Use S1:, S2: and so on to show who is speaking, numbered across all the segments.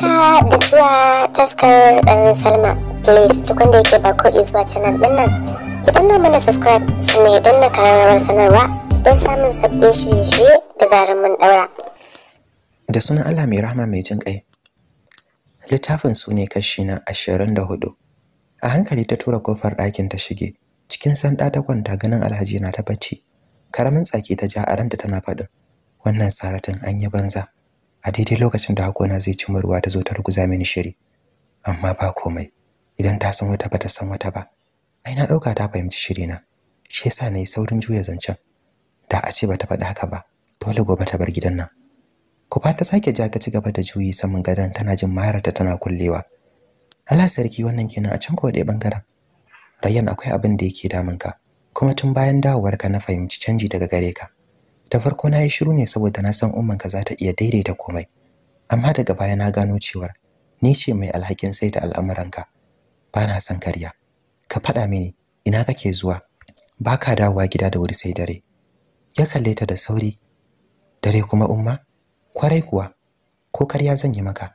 S1: haka da zuwa taskar dan salma please duk wanda yake ba ko zuwa canal din nan ki danna mana subscribe sannan ya danna karamar sanarwa don samun sabbin shirye-shirye da zarar mun daura da sunan allah mai rahama mai jin kai littafin su ne kashi na ashirin da hudu a hankali ta tura kofar ɗakin ta shige cikin sanda ta kwanta ganin alhaji na ta bacci karamin tsaki ta ja a ranta tana faɗin wannan saratin an yi banza a daidai lokacin da hakona zai ci ruwa ta zo ta ruguza mini shiri amma ba komai idan ta san wata ba ta san wata ba ai na dauka ta fahimci shiri na shi yasa nayi saurin juya zancen da a ce ba ta faɗi haka ba dole gobe ta bar gidan nan kufa ta sake ja ta ci gaba da juyi saman gadon tana jin mayarta tana kullewa Allah sarki wannan kenan a can ko dai bangaren Rayyan akwai abin da yake damun ka kuma tun bayan dawowarka na fahimci canji daga gare ka da farko na yi shiru ne saboda na san umman ka za ta iya daidaita komai amma daga baya na gano cewar ni ce mai alhakin sai da al'amuranka ba na san karya ka faɗa mini ina kake zuwa ba ka dawowa gida da wuri sai dare ya kalle ta da sauri dare kuma umma kwarai kuwa ko karya zan yi maka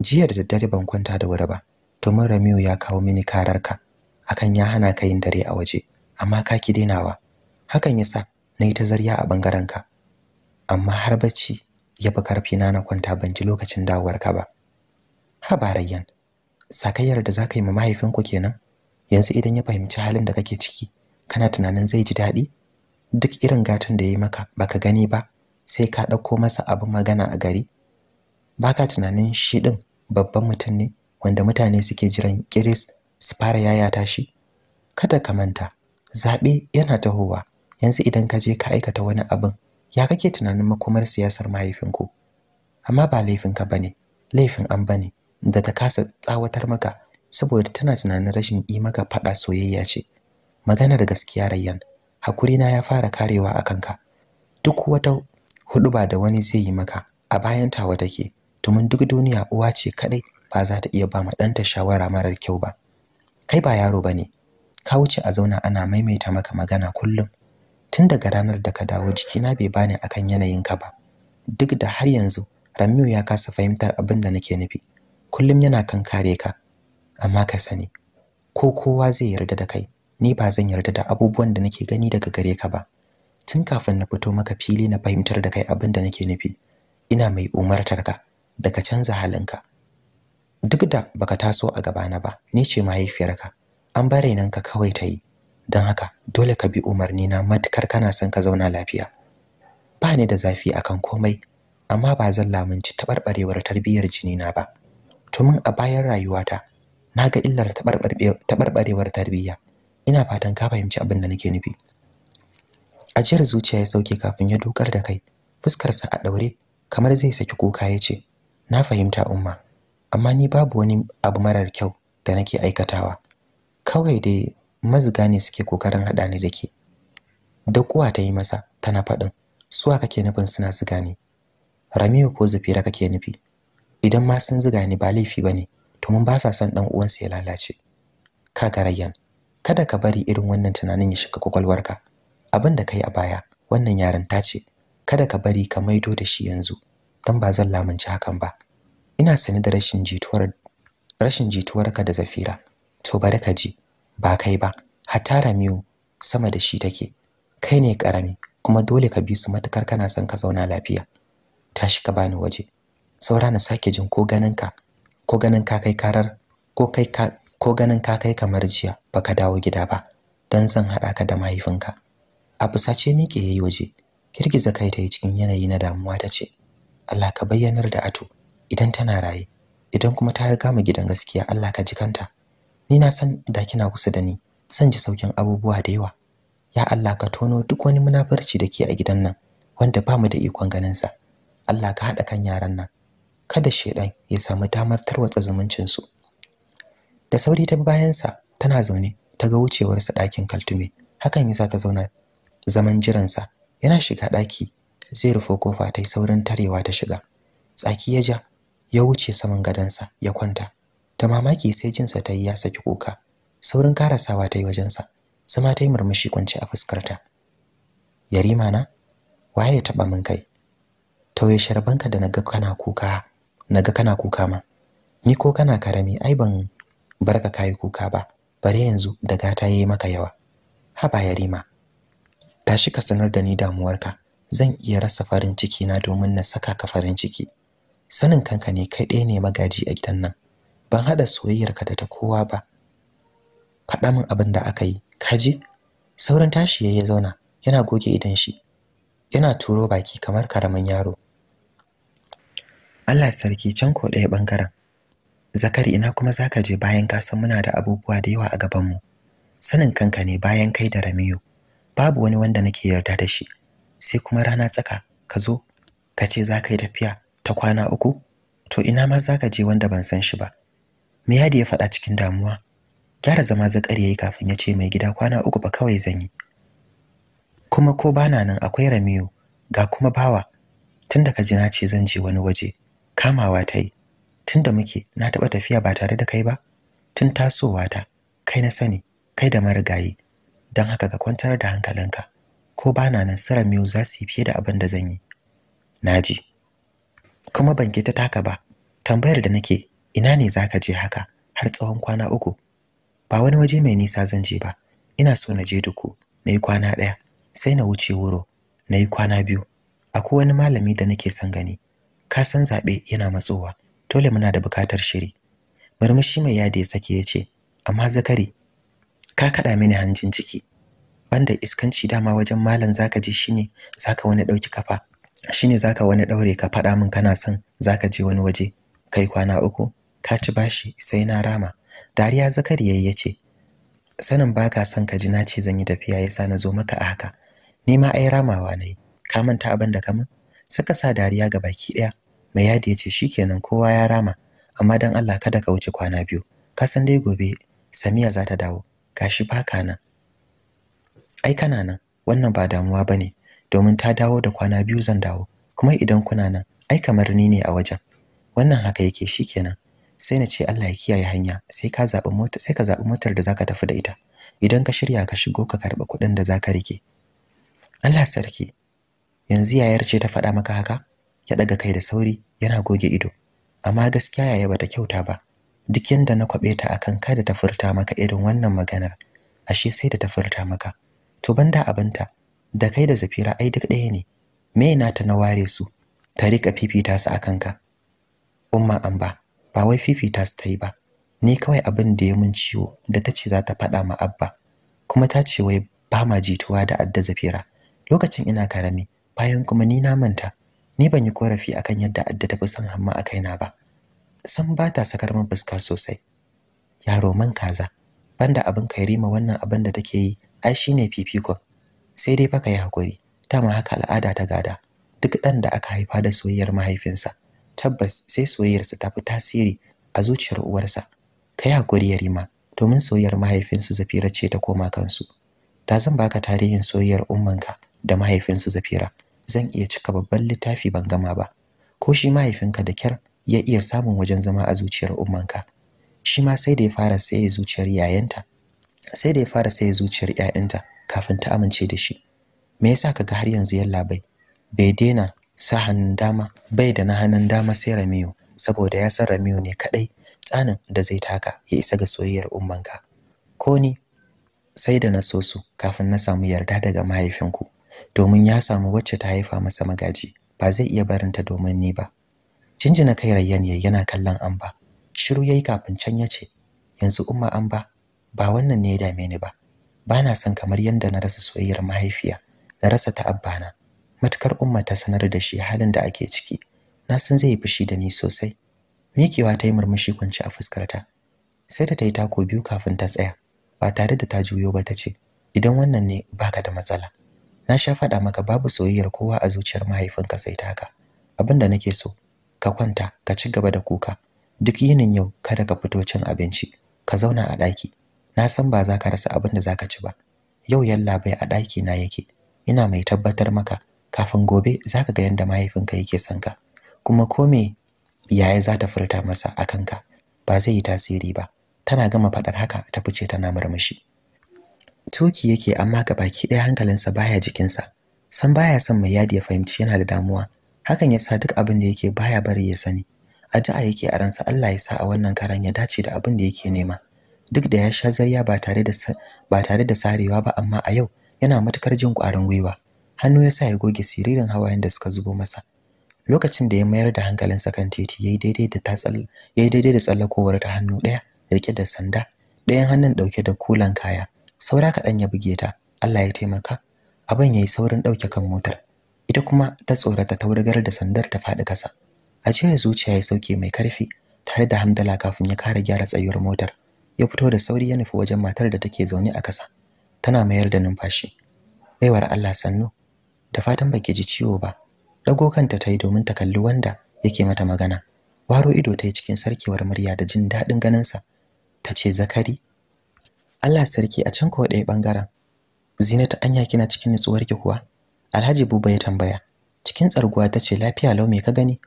S1: jiya da daddare ban kwanta da wuri ba domin Ramiu ya kawo mini kararka akan ya hana ka yin dare a waje amma ka ki denawa hakan yasa na yi ta zarya a ɓangarenka amma har bacci ya fi karfi na na kwanta ban ji lokacin dawowarka ba habarayyan sakayyar da za ka yi ma mahaifinku kenan yanzu idan ya fahimci halin da kake ciki kana tunanin zai ji daɗi duk irin gatan da ya yi maka ba ka gani ba sai ka ɗauko masa abin magana a gari baka tunanin shi ɗin babban mutum ne wanda mutane suke jiran kiris su fara yayata shi kada ka manta zaɓe yana tahowa yanzu idan ka je ka aikata wani abin ya kake tunanin makomar siyasar mahaifinku amma ba laifinka bane laifin an bane da ta kasa tsawatar maka saboda tana tunanin rashin yi maka faɗa soyayya ce maganar gaskiya rayyan hakuri na ya fara karewa a kanka. duk wata huduba da wani zai yi maka a bayan tawa take domin duk duniya uwa ce kadai ba za ta iya ba ma ɗanta shawara marar kyau ba kai ba yaro bane ka wuce a zauna ana maimaita maka magana kullum tun daga ranar da ka dawo jiki na bai bani akan ka ba duk da har yanzu Ramiu ya kasa fahimtar abin da nake nufi kullum yana kan kare ka amma ka sani ko kowa zai yarda da kai ni ba zan yarda da abubuwan da nake gani daga gare ka ba tun kafin na fito maka fili na fahimtar da kai abin da nake nufi ina mai umartar ka da ka canza ka. duk da baka taso a gabana ba ni ce mahaifiyarka an bare nan kawai ta yi don haka dole ka bi umarni na matukar kana son ka zauna lafiya ba ni da zafi akan komai amma ba zan lamunci taɓarɓarewar tarbiyyar jinina ba tumin a bayan rayuwata na ga illar taɓarɓarewar tarbiyya ina fatan ka fahimci abin da nake nufi ajiyar zuciya ya sauke kafin ya dokar da kai fuskarsa a ɗaure kamar zai saki kuka ya ce na fahimta umma amma ni babu wani abu marar kyau da nake aikatawa kawai dai maziga ne suke kokarin haɗa ni da ke da kuwa ta yi masa tana faɗin suwa kake nufin suna ziga ne? ramiyo ko zafira kake nufi idan ma sun ziga ni ba laifi ba ne to mun ba sa son ɗan uwansu ya lalace ka garayyan kada ka bari irin wannan tunanin ya shiga kwakwalwarka abin da kai a baya wannan ta ce kada ka bari ka maido da shi yanzu dan ba zan lamunci hakan ba ina sani da rashin jituwar rashin jituwarka da zafira to bari ka ji ba kai ba hatta Ramiu sama da shi take kai ne karami kuma dole ka bi su matukar kana son ka zauna lafiya tashi ka bani waje saura na sake jin ko ganin ka ko ganin ka kai karar ko kai ka ko ganin ka kai kamar jiya baka dawo gida ba dan zan hada ka da mahaifinka a fusace mike yayi waje girgiza kai ta yi cikin yanayi na damuwa ta ce Allah ka bayyanar da ato idan tana raye idan kuma ta riga mu gidan gaskiya Allah ka jikanta ni na san da kina kusa da ni san ji saukin abubuwa da yawa ya Allah ka tono duk wani munafarci da ke a gidan nan wanda ba mu da ikon ganin sa Allah ka hada kan yaran nan kada shedan ya samu damar tarwatsa zumuncin su da sauri ta bayan sa tana zaune ta ga wucewar sa dakin kaltume hakan yasa ta zauna zaman jiran sa yana shiga daki zai rufe kofa tai saurin tarewa ta shiga tsaki ya ja ya wuce saman gadansa ya kwanta ta mamaki sai jinsa ta yi ya saki kuka saurin karasawa ta yi wajensa sama ta yi murmushi kwance a fuskarta yarima na waye ya taɓa min kai tauye sharbanka da naga kana kuka naga kana kuka ma ni ko kana karami ai ban barka kai kuka ba bare yanzu da gata yi maka yawa haba yarima tashi ka sanar da ni damuwarka zan iya rasa farin ciki na domin na saka ka farin ciki sanin kanka ne kai ɗaya ne magaji a gidan nan ban haɗa soyayyarka da ta kowa ba faɗa min abin da aka yi kaji sauran tashi ya zauna yana goge idan shi yana turo baki kamar karamin yaro Allah sarki can ko ɗaya bangaren zakari ina kuma zaka je bayan ka san muna da abubuwa da yawa a gaban mu sanin kanka ne bayan kai da ramiyo babu wani wanda nake yarda da shi sai kuma rana tsaka ka zo ka ce za ka yi tafiya ta kwana uku to ina ma za ka je wanda ban san shi ba me yadi ya faɗa cikin damuwa gyara zama zakari yayi kafin ya ce mai gida kwana uku ba kawai zan yi kuma ko bana nan akwai Ramiyo ga kuma bawa tunda ka ji na ce zan je wani waje kamawa ta tunda muke na taɓa tafiya ba tare da kai ba tun tasowa ta kai na sani kai da marigayi dan haka ka kwantar da hankalinka ko bana nan su Ramiyo za su yi fiye da abin da zan yi naji kuma ban ki ta taka ba tambayar da nake ina ne zaka je haka har tsawon kwana uku ba wani waje mai nisa zan je ba ina so na je duku na yi kwana ɗaya sai na wuce wuro na yi kwana biyu akwai wani malami da nake son gani ka san zaɓe yana matsowa dole muna da buƙatar shiri murmushi mai yadi ya sake ya ce amma zakari ka kaɗa mini hanjin ciki banda iskanci dama wajen malam zaka je shine zaka wani ɗauki kafa shine zaka wani ɗaure ka faɗa min kana son zaka je wani waje kai kwana uku ka ci bashi sai na rama dariya zakari yayi ce. sanin baka son ka ji na ce zan yi tafiya yasa na zo maka a haka ni ma ai ramawa nayi ka manta abin da kaman suka sa dariya ga baki daya mai yadi yace shikenan kowa ya rama amma dan Allah kada ka wuce kwana biyu ka san dai gobe Samiya za ta dawo gashi baka nan ai kana nan wannan ba damuwa bane domin ta dawo da kwana biyu zan dawo kuma idan kuna nan ai kamar ni ne a wajen wannan haka yake shikenan sai na ce Allah ya kiyaye hanya sai ka zabi mota sai ka zabi motar da zaka tafi da ita idan ka shirya ka shigo ka karba kuɗin da zaka rike Allah sarki yanzu yayar ce ta faɗa maka haka ya daga kai da sauri yana goge ido amma gaskiya yaya bata kyauta ba duk yanda na kwabe ta akan kada ta furta maka irin wannan maganar ashe sai da ta furta maka to banda abinta da kai da zafira ai duk ɗaya ne me na ta na ware su ta rika fifita su akan ka umma amba ba wai fifita su ta yi ba ni kawai abin da ya mun ciwo da ta ce za ta faɗa ma abba kuma ta ce wai ba ma jituwa da adda zafira lokacin ina karami bayan kuma ni na manta ni ban yi korafi akan yadda adda ta fi son hamma a kaina ba san ba ta sakar min fuska sosai yaro man kaza banda abin rima wannan abin da take yi ai shine fifikon sai dai fa yi hakuri Ta ma haka al'ada ta gada duk dan da aka haifa da soyayyar mahaifinsa tabbas sai soyayyarsa ta fi tasiri a zuciyar uwarsa kai hakuri yarima domin soyayyar mahaifinsu zafira ce ta koma kansu ta zan baka tarihin soyayyar ummanka da mahaifinsu zafira zan iya cika babban littafi ban gama ba ko shi mahaifinka da kyar ya iya samun wajen zama a zuciyar ummanka shi ma sai da ya fara saye zuciyar yayanta sai da ya fara saye zuciyar yayanta kafin ta amince da shi me yasa kaga har yanzu yallabai bai daina sa hannun dama bai da na hannun dama sai Ramiyu saboda ya san Ramiyu ne kadai tsanin da zai taka ya isa ga soyayyar ummanka ko ni sai da na so su kafin na samu yarda daga mahaifinku domin ya samu wacce ta haifa masa magaji ba zai iya barinta domin ni ba jinjina kai rayyan ya yana kallon amba shiru yayi kafin can ya ce yanzu umma amba ba wannan ne ya dame ni ba bana son kamar yadda na rasa soyayyar mahaifiya na rasa ta abbana matukar umma ta sanar da shi halin da ake ciki na san zai fushi da ni sosai mikewa ta yi murmushi kwanci a fuskar ta sai da ta yi tako biyu kafin ta tsaya ba tare da ta juyo ba ta ce idan wannan ne baka da matsala na sha faɗa maka babu soyayyar kowa a zuciyar mahaifinka sai ta haka da nake so ka kwanta ka ci gaba da kuka duk yinin yau kada ka fito cin abinci ka zauna a ɗaki na san ba za ka rasa abin da za ka ci ba yau yalla bai a ɗaki na yake ina mai tabbatar maka kafin gobe zaka ga yadda mahaifinka yake son ka kuma ko me yaya za ta furta masa a kanka ba zai yi tasiri ba tana gama faɗar haka ta fice tana murmushi toki yake amma ga baki ɗaya hankalinsa baya jikinsa san baya son mai yadi ya fahimci yana da damuwa hakan ya sa duk abin da yake baya bari ya sani A addu'a yake a ransa Allah ya sa a wannan karan ya dace da abin da yake nema duk da ya sha zarya ba tare da ba tare da sarewa ba amma a yau yana matukar jin ƙwarin gwiwa hannu ya sa ya goge siririn hawayen da suka zubo masa lokacin da ya mayar da hankalinsa kan titi yayi daidai da tatsal yayi daidai da tsallakowar ta hannu daya rike da sanda ɗayan hannun dauke da kulan kaya saura kaɗan ya buge ta Allah ya taimaka abin yayi saurin dauke kan motar ita kuma ta tsorata ta wurgar da sandar ta faɗi kasa a cikin zuciya ya sauke mai karfi tare da hamdala kafin ya kare gyara tsayuwar motar ya fito da sauri ya nufi wajen matar da take zaune a kasa tana mayar da numfashi baiwar Allah sannu da fatan baki ji ciwo ba dago kanta tayi domin ta kalli wanda yake mata magana waro ido tayi cikin sarkewar murya da jin dadin ganin sa tace zakari Allah sarki a can ko ɗaya bangaren Zinata anya kina cikin nutsuwar ki kuwa Alhaji Buba ya tambaya cikin tsarguwa tace lafiya lau me ka gani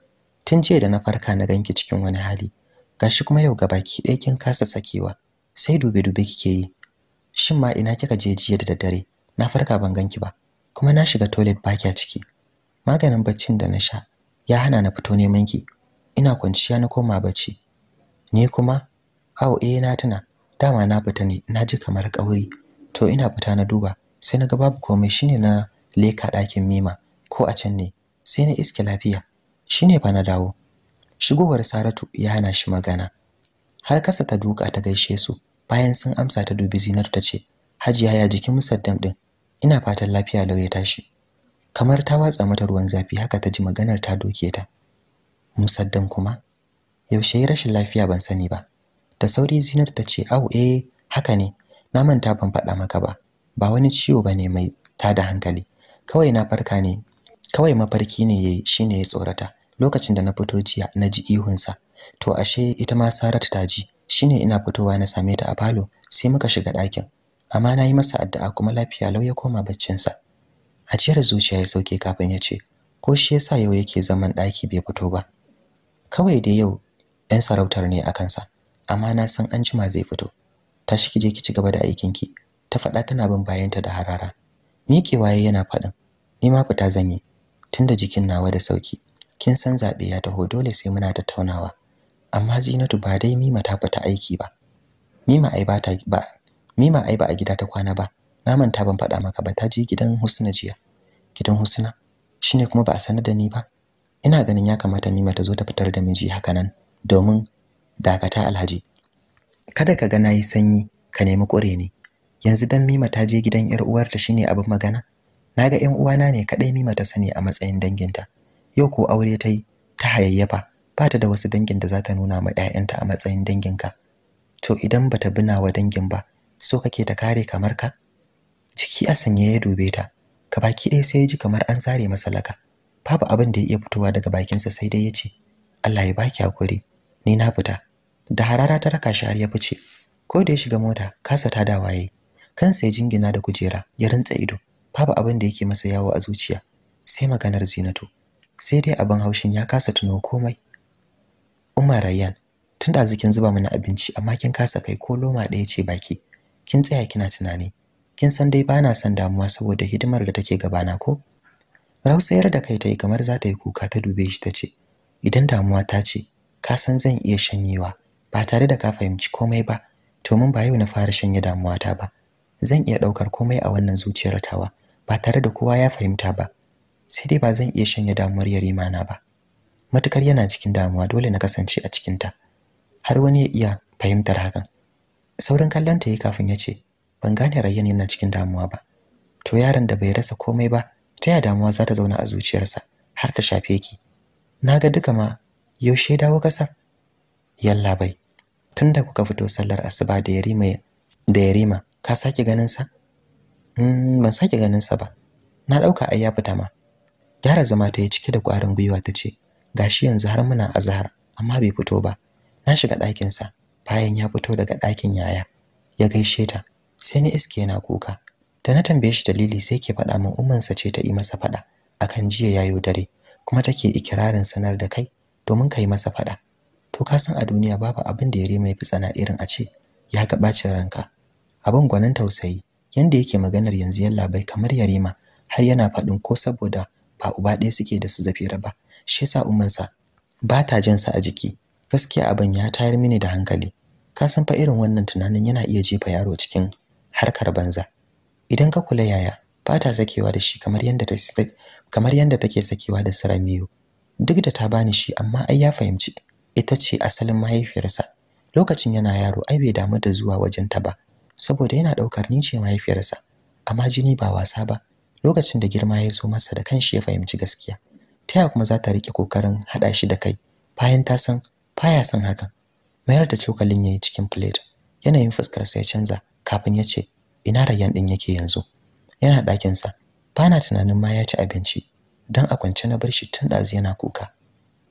S1: tun jiya da na farka na ganki cikin wani hali gashi kuma yau gabaki ɗaya kin kasa sakewa sai dube dube kike yi shin ma ina kika je jiya da daddare na farka ban ganki ba kuma na shiga toilet ba kya ciki maganin baccin da na sha ya hana na fito neman ki ina kwanciya na koma bacci ni kuma awo eh na tuna dama na fita ne na ji kamar kauri to ina fita na duba sai na ga babu komai shine na leka ɗakin mima ko a can ne sai na iske lafiya shine fa na dawo shigowar saratu ya hana shi magana har kasa ta duka ta gaishe su bayan sun amsa ta dubi zinatu ta ce hajiya ya jikin musaddam din ina fatan lafiya lau ya tashi kamar ta watsa mata ruwan zafi haka ta ji maganar ta doke ta musaddan kuma yaushe ya rashin lafiya ban sani ba da sauri zinar ta ce au eh haka ne na manta ban faɗa maka ba ba wani ciwo ba ne mai tada hankali kawai na farka ne kawai mafarki ne yayi shine ya tsorata lokacin da na fito jiya na ji ihunsa to ashe ita ma Saratu ta ji shine ina fitowa na same ta a falo sai muka shiga ɗakin amma na yi masa addu'a kuma lafiya lau ya koma baccinsa ajiyar zuciya ya sauke kafin ya ce ko shi yasa yau yake zaman ɗaki bai fito ba kawai dai yau 'yan sarautar ne a kansa amma na san an jima zai fito tashi ki je ki ci gaba da aikinki ta faɗa tana bin bayanta da harara miƙewa waye yana faɗin ni ma fita zan yi tunda jikin nawa da sauki kin san zaɓe ya taho dole sai muna tattaunawa amma Zinatu ba dai Mima ta fita aiki ba Mima ai ba ta ba Mima ai ba a gida ta kwana ba. Na manta ban faɗa maka ba ta je gidan Husna jiya. Gidan Husna shine kuma ba a sanar da ni ba. Ina ganin ya kamata Mima ta zo ta fitar da miji haka nan domin dakata Alhaji. Kada ka ga nayi sanyi ka nemi ƙure ne. Yanzu dan Mima ta je gidan ƴar uwarta shine abin magana. Na ga 'yan uwana ne kadai Mima ta sani a matsayin danginta. Yau ko aure ta yi ta hayayyafa ba ta da wasu dangin da za ta nuna ma 'ya'yanta a matsayin danginka. To idan bata bina wa dangin ba, so kake ta kare kamar ka jiki a sanye ya dube ta ka baki ɗaya sai ya ji kamar an sare masa laka babu abin da ya iya fitowa daga bakinsa sai dai ya ce Allah ya baki hakuri ni na fita da harara ta raka shi har ya fice ko da ya shiga mota kasa ta da waye kansa ya jingina da kujera ya rantsa ido babu abin da yake masa yawo a zuciya sai maganar Zinatu sai dai abin haushin ya kasa tuno komai Umar Rayyan tunda zikin zuba mana abinci amma kin kasa kai ko loma ɗaya ce baki kin tsaya kina tunani kin san dai bana son damuwa saboda hidimar da take gabana ko rausayar da kai yi kamar za ta yi kuka ta dube shi tace idan damuwa ta ce ka san zan iya shanyewa ba tare da ka fahimci komai ba to mun ba yau na fara shanye damuwa ta ba zan iya daukar komai a wannan zuciyar tawa ba tare da kowa ya fahimta ba sai dai ba zan iya shanye damuwar yarima na ba matukar yana cikin damuwa dole na kasance a cikin ta har wani ya iya fahimtar hakan saurin kallon ta yi kafin ya ce ban gane rayyan yana cikin damuwa ba to yaron da bai rasa komai ba ta ya damuwa za ta zauna a zuciyarsa har ta shafe ki na ga duka ma yaushe dawo kasa yalla bai tunda kuka fito sallar asuba da yarima da yarima ka sake ganin sa mm, ban saki ganin sa ba na dauka ai ya fita ma gyara zama ta yi cike da kwarin gwiwa ta ce gashi yanzu har muna azhar amma bai fito ba na shiga ɗakin sa bayan ya fito daga ɗakin yaya ya gaishe ta sai na iske yana kuka da na tambaye shi dalili sai ke faɗa min ummansa ce ta yi masa faɗa a kan jiya ya yayo dare kuma take ikirarin sanar da kai domin ka yi masa faɗa to ka san a duniya babu abin da ya ya fi tsana irin a ce ya ga ɓacin ranka abin gwanin tausayi yanda yake maganar yanzu yalla bai kamar yarima har yana faɗin ko saboda ba uba ɗaya suke da su zafira ba shi yasa ummansa ba ta jin sa a jiki gaskiya abin ya tayar mini da hankali ka san fa irin wannan tunanin yana iya jefa yaro cikin harkar banza idan ka kula yaya ba ta sakewa da shi kamar yadda ta kamar yadda take sakewa da Saramiyo duk da ta bani shi amma ai ya fahimci ita ce asalin mahaifiyarsa lokacin yana yaro ai bai damu da zuwa wajen ta ba saboda yana daukar ni ce mahaifiyarsa amma jini ba wasa ba lokacin da girma ya zo masa da kanshi ya fahimci gaskiya ta kuma za ta rike kokarin haɗa shi da kai bayan ta san baya san hakan mayar da cokalin yayi cikin plate yanayin fuskar sa ya canza kafin ya ce ina rayan din yake yanzu yana ɗakin sa bana tunanin ma ya ci abinci dan a kwance na bar shi tun ɗazu yana kuka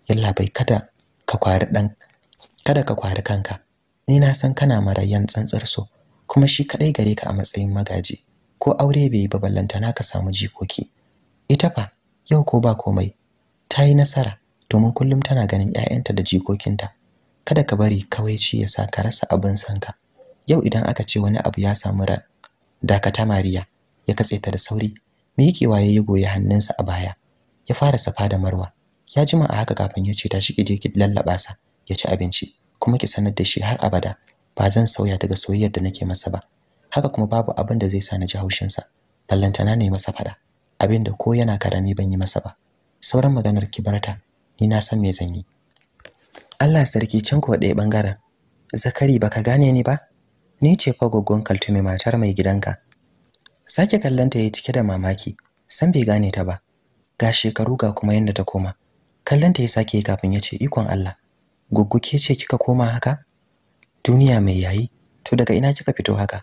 S1: yalla bai kada ka kwari dan kada ka kwari kanka ni na san kana marayyan tsantsar so kuma shi kadai gare ka a matsayin magaji ko aure bai ba ballantana ka samu jikoki ita fa yau ko ba komai ta yi nasara domin kullum tana ganin 'ya'yanta da jikokinta kada ka bari kawai kawaici ya sa ka rasa abin sanka yau idan aka ce wani abu ya samu ran. dakata Mariya ya katse ta da sauri waye ya goye hannunsa a baya ya fara safa da Marwa ya jima a haka kafin ya ce ta shi je ki lallaba sa ya ci abinci kuma ki sanar da shi har abada ba zan sauya daga soyayyar da nake masa ba haka kuma babu abin da zai sa na ji haushin sa ballantana ne masa faɗa. abin da ko yana karami ban yi masa ba sauran maganar kibarta ni na san me zan yi Allah sarki can ko ɗaya bangaren Zakari baka gane ni ba ni ce fa goggon kaltume matar mai gidanka sake kallanta yayi cike da mamaki san bai gane ta ba ga shekaru ga kuma yanda ta koma kallanta ya sake kafin ya ce ikon Allah goggo ke ce kika koma haka duniya mai yayi to daga ina kika fito haka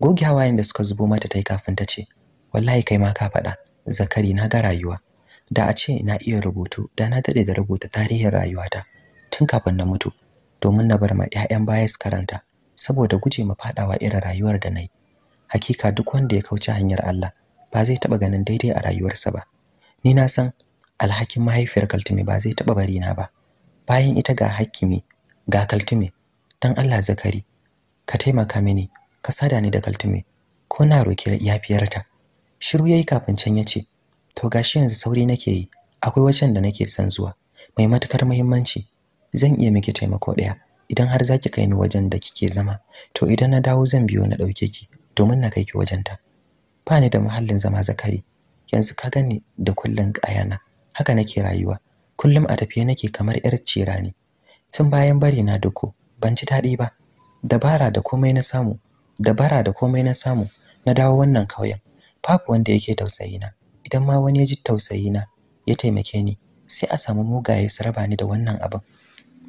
S1: goge hawayen da suka zubo mata tai kafin ta ce wallahi kai ma ka faɗa zakari na ga rayuwa da a ce na iya rubutu da na dade da rubuta tarihin rayuwata tun kafin na mutu domin na bar ma 'ya'yan baya su karanta saboda guje ma fadawa irin rayuwar da nayi hakika duk wanda ya kauce hanyar Allah ba zai taba ganin daidai a rayuwarsa ba ni na san alhakin mahaifiyar Kaltume ba zai taba bari na ba bayan ita ga hakimi ga Kaltume dan Allah zakari ka taimaka mini ka sada ni da Kaltume ko na roki yafiyarta shiru yayi kafin can ya ce. to gashi yanzu sauri nake yi akwai wajen da nake son zuwa mai matukar muhimmanci zan iya miki taimako daya idan har zaki kai ni wajen da kike zama to idan na dawo zan biyo na dauke ki domin na kai ki wajen ta ba ni da muhallin zama zakari yanzu ka gani da kullun kayana haka nake rayuwa kullum a tafiye nake kamar yar cira ne tun bayan bari na duko ban ci daɗi ba dabara da komai na samu dabara da komai na samu na dawo wannan kauyen babu wanda yake tausayi na idan ma wani ya ji tausayi na ya taimake ni sai a samu mugaye su raba ni da wannan abin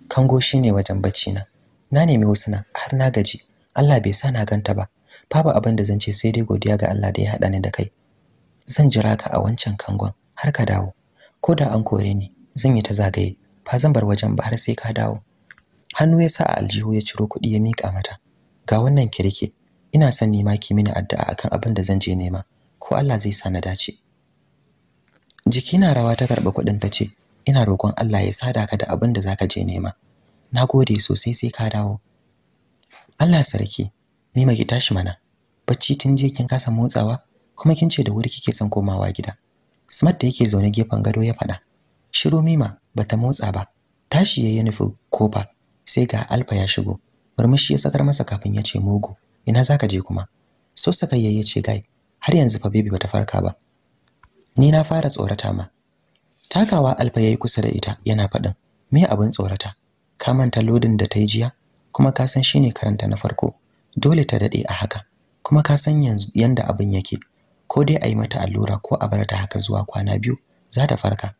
S1: kango shine wajen bacci na na nemi husna har na gaji Allah bai sa na ganta ba babu abin da zan ce sai dai godiya ga Allah da ya hada ni da kai zan jira ka a wancan kangon har ka dawo ko da an kore ni zan yi ta zagaye fa zan bar wajen ba har sai ka dawo hannu ya sa a aljihu ya ciro kuɗi ya mika mata ga wannan kirki ina son nema ki mini addu'a akan abin da zan je nema ko Allah zai sa na dace jiki na rawa ta karɓi kuɗin ta ce ina roƙon Allah ya sada ka da abin da za ka je nema Na gode sosai sai ka dawo Allah sarki Mima ki tashi mana bacci tun je kin kasa motsawa kuma kin ce da wuri kike son komawa gida Smart da yake zaune gefen gado ya faɗa Shiru Mima bata motsa ba tashi yayi nufi kofa sai ga Alfa ya shigo murmushi ya sakar masa kafin ya ce mugu ina zaka je kuma so saka yayi ya ce gai har yanzu fa baby bata farka ba ni na fara tsorata ma takawa alfa yayi kusa da ita yana faɗin me abin tsorata ka manta lodin da ta yi jiya kuma ka san shine karanta na farko dole ta dade a haka kuma ka san yanzu yanda abin yake ko dai a yi mata allura ko a barata haka zuwa kwana biyu za ta farka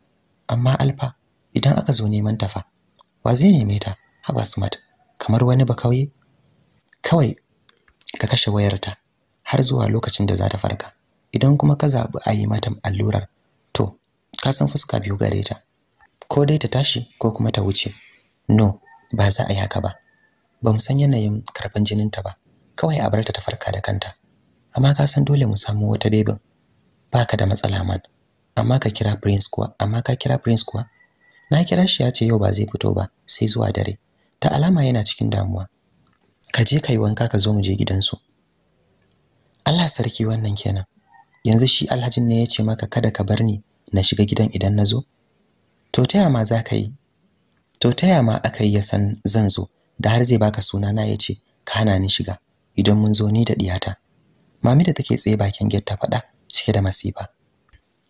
S1: amma alfa idan aka zo neman ta fa wa zai neme ta haba smart kamar wani ba kauye kawai ka kashe wayarta har zuwa lokacin da za ta farka idan kuma ka zaɓi a yi mata allurar to ka san fuska biyu gare ta ko dai ta tashi ko kuma ta wuce no ba za a yi haka ba ba mu san yanayin karfin jininta ba kawai a bar ta ta farka da kanta amma ka san dole mu samu wata bebin Ba ka da matsala man amma ka kira prince kuwa amma ka kira prince kuwa na kira shi ya ce yau ba zai fito ba sai zuwa dare ta alama yana cikin damuwa ka je ka yi wanka ka zo mu je gidansu Allah sarki wannan kenan yanzu shi alhajin ne ya ce maka kada ka bar ni na shiga gidan idan na zo to ta yama za ka yi to ta yama aka yi ya san zan zo da har zai baka suna na ya ce ka hana ni shiga idan mun zo ni da diyata mami da take tsaye bakin gate ta faɗa cike da masifa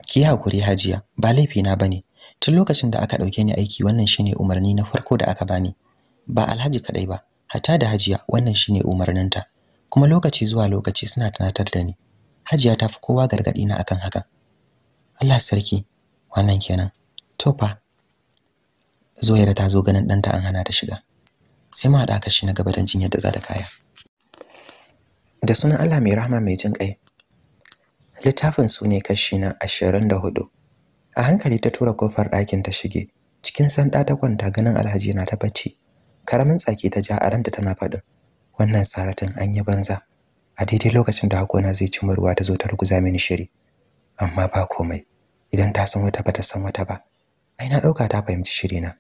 S1: ki hakuri hajiya ba laifi na bane tun lokacin da aka ɗauke ni aiki wannan shine umarni na farko da aka bani ba alhaji kadai ba hatta da hajiya wannan shine umarninta kuma lokaci zuwa lokaci suna tunatar da ni Hajiya ta fi kowa gargaɗi na akan haka. Allah sarki, wannan kenan. To fa. Zoyar ta zo ganin danta an hana ta shiga. Sai ma haɗa kashi na gaba don jin da za ta kaya. Da sunan Allah mai rahama mai jin kai Littafin su ne kashi na ashirin da hudu. A hankali ta tura kofar ɗakin ta shige. Cikin sanda ta kwanta ganin Alhaji na ta bacci. Karamin tsaki ta ja a ranta tana faɗin. Wannan saratin an yi banza. a daidai lokacin da hakona zai ci ruwa ta zo ta ruguza mini shiri amma ba komai idan ta san wata ba ta san wata ba ai na dauka ta fahimci shiri na